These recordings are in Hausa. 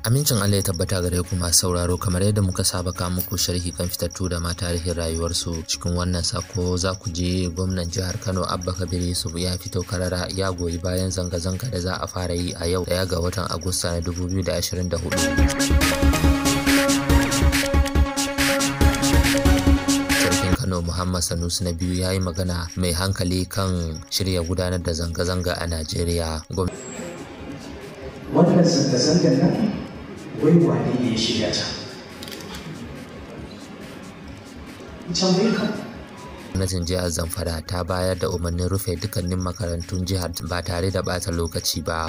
Amincin Allah ya tabbata gare ku masu sauraro kamar yadda muka saba ka muku sharhi kan fitattu da ma tarihin rayuwarsu cikin wannan sako za ku je gwamnan jihar Kano Abba Kabir Yusuf ya fito karara ya goyi bayan zanga-zanga da za a fara yi a yau daya ga watan Agusta na 2024. Kano Muhammad Sanusi na biyu ya yi magana mai hankali kan shirya gudanar da zanga-zanga a Najeriya. Wannan zanga-zangar nan wai ne ya shirya ta gwamnatin jihar zamfara ta bayar da umarnin rufe dukkanin makarantun jihar ba tare da bata lokaci ba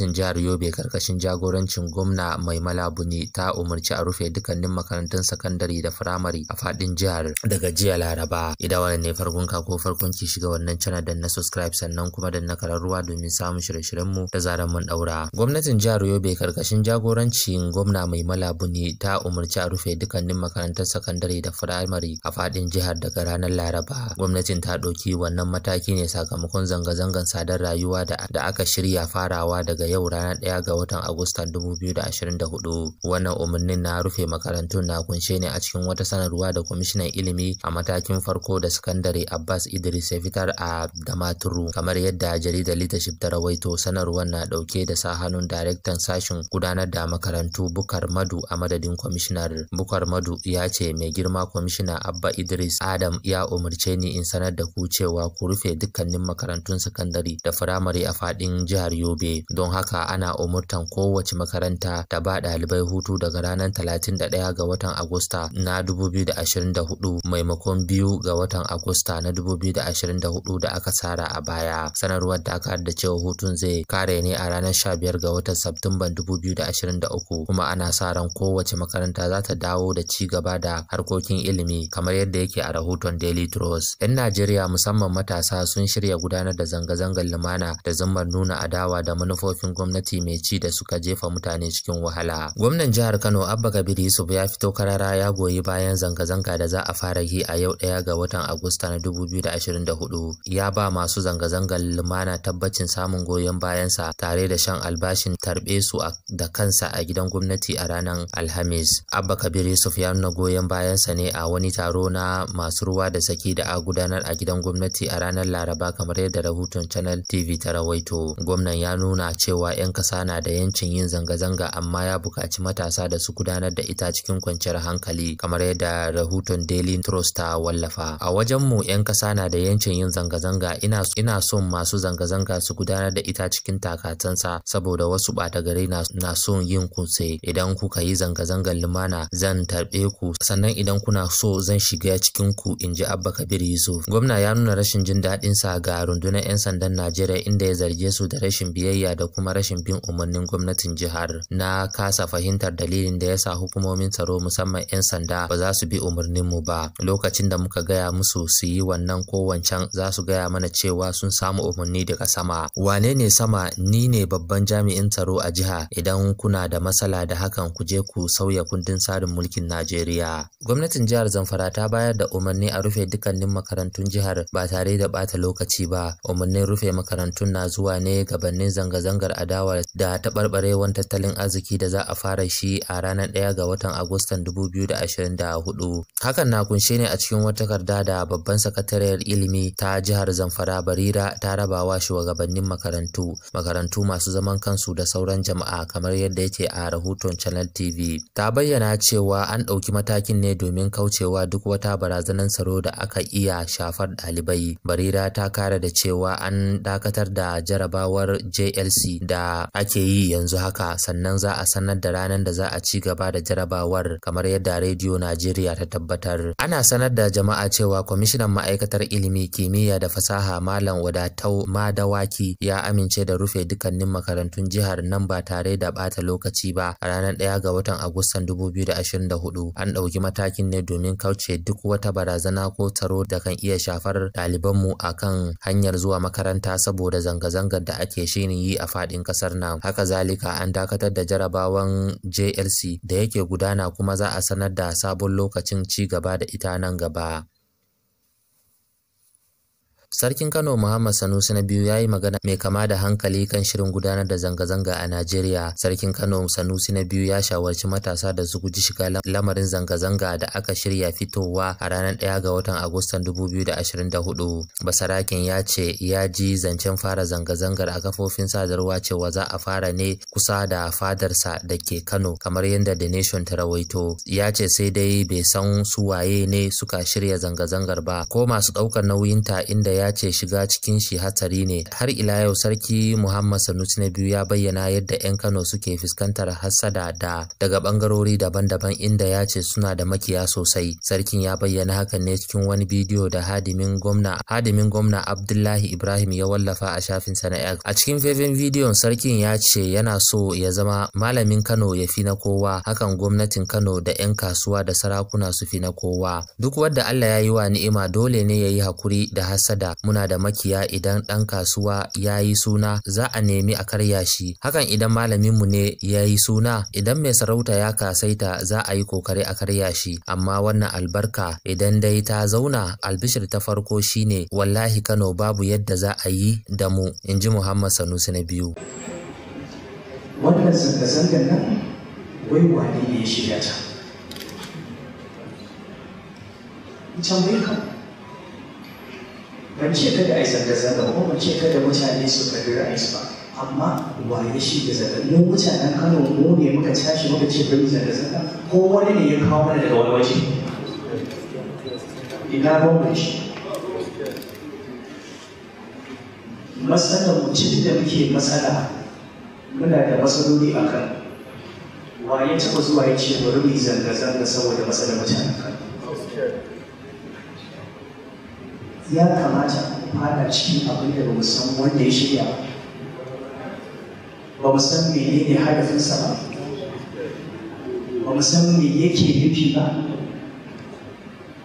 gwamnatin jihar yobe karkashin jagorancin gwamna mai malabuni ta umarci a rufe dukkanin makarantun sakandare da firamare a fadin jihar daga jiya laraba idan wannan ne farkon ka ko farkon ki shiga wannan channel dan na subscribe sannan kuma dan na kararruwa domin samun shirye-shiryen mu da zaran mun daura gwamnatin jihar yobe karkashin jagorancin gwamna mai malabuni ta umarci a rufe dukkanin makarantun sakandare da firamare a fadin jihar daga ranar laraba gwamnatin ta ɗauki wannan mataki ne sakamakon zanga-zangan sadar rayuwa da aka shirya farawa daga yau ranar ɗaya ga watan Agustan 2024 wannan umarnin na rufe makarantun na kunshe ne a cikin wata sanarwa da kwamishinan ilimi a matakin farko da sakandare Abbas Idris ya fitar a Damaturu kamar yadda jaridar Leadership ta rawaito sanarwar na dauke da sa hannun daraktan sashen gudanar da makarantu Bukar Madu a madadin kwamishinar Bukar Madu ya ce mai girma kwamishina Abba Idris Adam ya umarce ni in sanar da ku cewa ku rufe dukkanin makarantun sakandare da firamare a fadin jihar Yobe don haka haka ana umurtan kowace makaranta da ba ɗalibai hutu daga ranar 31 ga watan Agusta na 2024 maimakon biyu ga watan Agusta na 2024 da aka tsara a baya. Sanarwar da aka da cewa hutun zai kare ne a ranar 15 ga watan Satumban 2023 kuma ana sa ran kowace makaranta za ta dawo da ci gaba da harkokin ilimi kamar yadda yake a rahoton Daily Trust. 'Yan Najeriya musamman matasa sun shirya gudanar da zanga-zangar lumana da zammar nuna adawa da manufofi. matakin gwamnati mai ci da suka jefa mutane cikin wahala. Gwamnan jihar Kano Abba Kabir Yusuf ya fito karara ya goyi bayan zanga-zanga da za a fara yi a yau ɗaya ga watan Agusta na 2024. Ya ba masu zanga-zangar lumana tabbacin samun goyon bayansa tare da shan albashin tarbe su da kansa a gidan gwamnati a ranar Alhamis. Abba Kabir Yusuf ya nuna goyon bayansa ne a wani taro na masu ruwa da saki da a gudanar a gidan gwamnati a ranar Laraba kamar yadda rahoton Channel TV ta rawaito. Gwamnan ya nuna cewa cewa 'yan kasa na da yancin yin zanga-zanga amma ya buƙaci matasa da su gudanar da ita cikin kwanciyar hankali kamar yadda rahoton Daily Trust ta wallafa. A wajen mu 'yan kasa na da yancin yin zanga-zanga ina son masu zanga-zanga su gudanar da ita cikin takatansa saboda wasu ɓata gari na son yin kunse idan kuka yi zanga-zangar lumana zan tarbe ku sannan idan kuna so zan shiga cikin ku in ji Abba Kabir Yusuf. Gwamna ya nuna rashin jin sa ga rundunar 'yan sandan Najeriya inda ya zarge su da rashin biyayya da kuma kuma rashin bin umarnin gwamnatin jihar na kasa fahimtar dalilin da yasa hukumomin tsaro musamman 'yan sanda ba za su bi umarnin mu ba lokacin da muka gaya musu su yi wannan ko wancan za su gaya mana cewa sun samu umarni daga sama wane ne sama ni ne babban jami'in tsaro a jiha idan kuna da matsala da hakan ku je ku sauya kundin tsarin mulkin Najeriya gwamnatin jihar Zamfara ta bayar da umarni a rufe dukkanin makarantun jihar ba tare da bata lokaci ba umarnin rufe makarantun na zuwa ne gabanin zanga-zangar siyasar adawa da taɓarɓarewar tattalin arziki da za a fara shi a ranar 1 ga watan Agustan 2024. Hakan na kunshe ne a cikin wata takarda da babban sakatariyar ilimi ta jihar Zamfara Barira ta rabawa shugabannin makarantu, makarantu masu zaman kansu da sauran jama'a kamar yadda yake a rahoton Channel TV. Ta bayyana cewa an ɗauki matakin ne domin kaucewa duk wata barazanar tsaro da aka iya shafar ɗalibai. Barira ta kara da cewa an dakatar da jarabawar JLC da ake yi yanzu haka sannan za a sanar da ranar da za a ci gaba da jarabawar kamar yadda rediyo najeriya ta tabbatar ana sanar da jama'a cewa kwamishinan ma'aikatar ilimi kimiyya da fasaha malam wadatau madawaki ya amince da rufe dukkanin makarantun jihar nan ba tare da bata lokaci ba a ranar ɗaya ga watan agustan hudu. an ɗauki matakin ne domin kauce duk wata barazana ko tsaro da kan iya shafar ɗalibanmu a kan hanyar zuwa makaranta saboda zanga-zangar da ake shirin yi a faɗi. faɗin ƙasar nan. Haka zalika an dakatar da jarabawan JLC da yake gudana kuma za a sanar da sabon lokacin ci gaba da ita nan gaba. Sarkin Kano Muhammad Sanusi na biyu ya yi magana mai kama da hankali kan shirin gudanar da zanga-zanga a Najeriya. Sarkin Kano Sanusi na biyu ya shawarci matasa da su guji shiga lamarin zanga-zanga da aka shirya fitowa a ranar ɗaya ga watan Agustan 2024. Basarakin ya ce ya ji zancen fara zanga-zangar a kafofin sadarwa cewa za a fara ne kusa da fadarsa da ke Kano kamar yadda The Nation ta rawaito. Ya ce sai dai bai san su waye ne suka shirya zanga-zangar ba ko masu ɗaukar nauyinta inda ya yace ce shiga cikin shi hatsari ne har ila yau sarki muhammad sanusi na biyu ya bayyana yadda 'yan kano suke fuskantar hassada da daga bangarori daban-daban inda ya ce suna da makiya sosai sarkin ya bayyana hakan ne cikin wani bidiyo da hadimin gwamna hadimin gwamna abdullahi ibrahim ya wallafa a shafinsa na a cikin faifin bidiyon sarkin ya ce yana so ya zama malamin kano ya fi na kowa hakan gwamnatin kano da 'yan kasuwa da sarakuna su fi na kowa duk wadda allah ya yi wa ni'ima dole ne ya yi hakuri da hassada. muna da makiya idan ɗan kasuwa ya yi suna za a nemi a karya shi hakan idan malaminmu ne ya yi suna idan mai sarauta ya kasaita za a yi kokari a karya shi amma wannan albarka idan dai ta zauna albishir ta farko shine wallahi kano babu yadda za a yi da mu in ji muhammad sanusi na biyu wannan ya ta? Can wai ban ce kada a yi zanga-zanga kuma ban ce kada mutane su karbi ra'ayi ba amma wa ya shi da zanga mu mutanen Kano mu ne muka tashi muka ce bari zanga-zanga ko wani ne ya kawo mana daga wani waje ina ban shi matsalar mutum da muke matsala muna da matsaloli a kan wa ya taɓa zuwa ya ce bari mu zanga-zanga saboda matsalar mutanen kano ya kamata fada cikin abin da ba san wanda ya shirya ba mu san menene hadafinsa ba ba mu san me yake nufi ba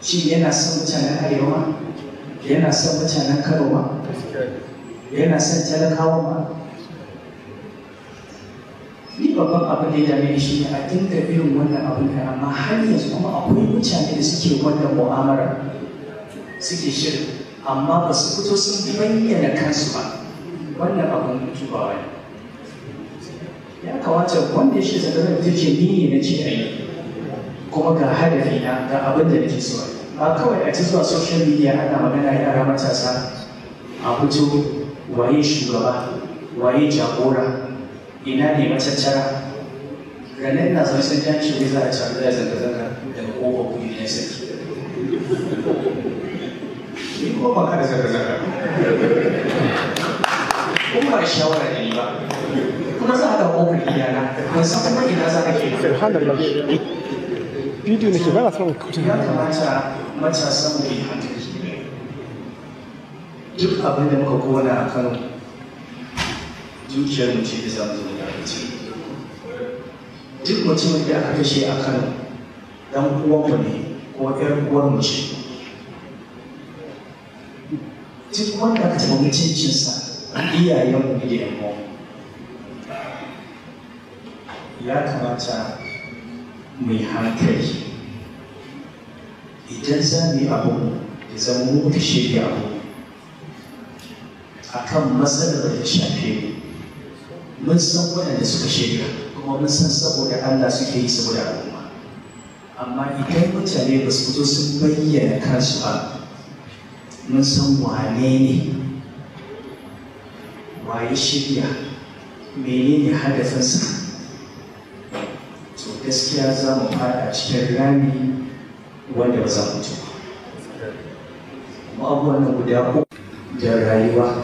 shi yana son mutanen arewa yana son mutanen kano ma yana son talakawa ma ni babban abin da ya dame shi ne a dinga irin wannan abin da amma har yanzu kuma akwai mutane da suke wannan mu'amara suke shirin amma ba su fito sun bayyana kansu ba wannan abin dubawa wani. ya kamata wanda ya shi zanga ta ce ni ne na ce ayi kuma ga hadafi na ga abin da nake so ba kawai a ci zuwa social media ana magana yara matasa a fito waye shugaba waye jagora ina ne matattara ranar na zai sun tashi za a ci zanga-zanga daga kowa kuyi na ni ba ka da shawara da ba kuma za ka ƙofar iyana ban san kuma ina za a ke subhanallah samun ya kamata matasan duk abin da muka kona a kano dukiyar mu ce da zamu zo da ce duk mutumin da aka kashe a kano dan uwanmu ne ko ƴar uwar mu ce duk wanda aka taɓa iyayenmu ya kamata mu yi hankali idan za mu yi zama mu shirya a kan matsalar da ta shafe mu mun san waɗanda suka shirya kuma mun san saboda Allah suke yi saboda amma idan mutane ba su sun bayyana kansu ba mun san wane ne waye shirya menene hadafinsa to gaskiya za mu fara cikin rami wanda ba za mu ci ba abubuwan guda uku da rayuwa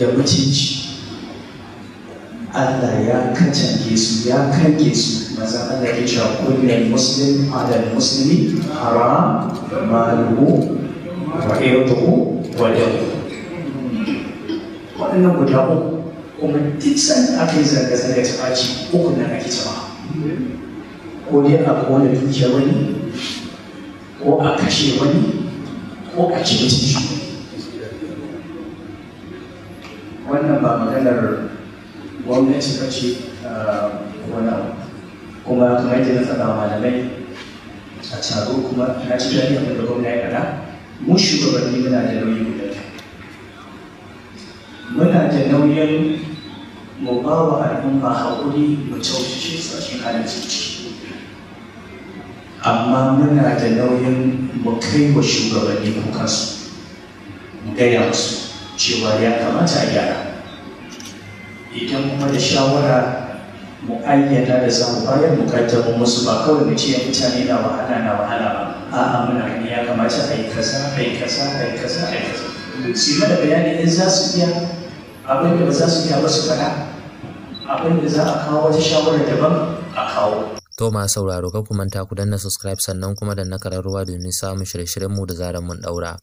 da mutunci Allah ya kacange su ya kange su maza Allah ya cewa kullum muslim adal muslimi haram maluhu wa yautuku wa dawu waɗannan guda uku kuma duk san aka yi zanga-zanga ta ɓaci uku nan ake cewa ko dai a kone dukiyar wani ko a kashe wani ko a ci mutunci wannan ba maganar gwamnati ba ce wani kuma kuma yadda na faɗa malamai a taro kuma na ci daɗi abin da gwamna ya faɗa mu shugabanni muna da nauyi guda muna da nauyin mu ba wa al'umma haƙuri mu caushe su a cikin ciki amma muna da nauyin mu kai wa shugabanni kukansu mu gaya musu cewa ya kamata a gyara idan kuma da shawara mu ayyana da za mu bayar mu kaddamar musu ba kawai mu ce mutane na wahala na wahala ba a'a muna ne ya kamata a yi kasa, a yi kasa, a yi kasa, a yi kasa. su mana bayani in za su iya abin da ba za su iya ba su faɗa abin da za a kawo wata shawara daban a kawo to ma sauraro ka kuma ta ku danna subscribe sannan kuma danna kararrawa domin samun shirye-shiryenmu da zarar mun daura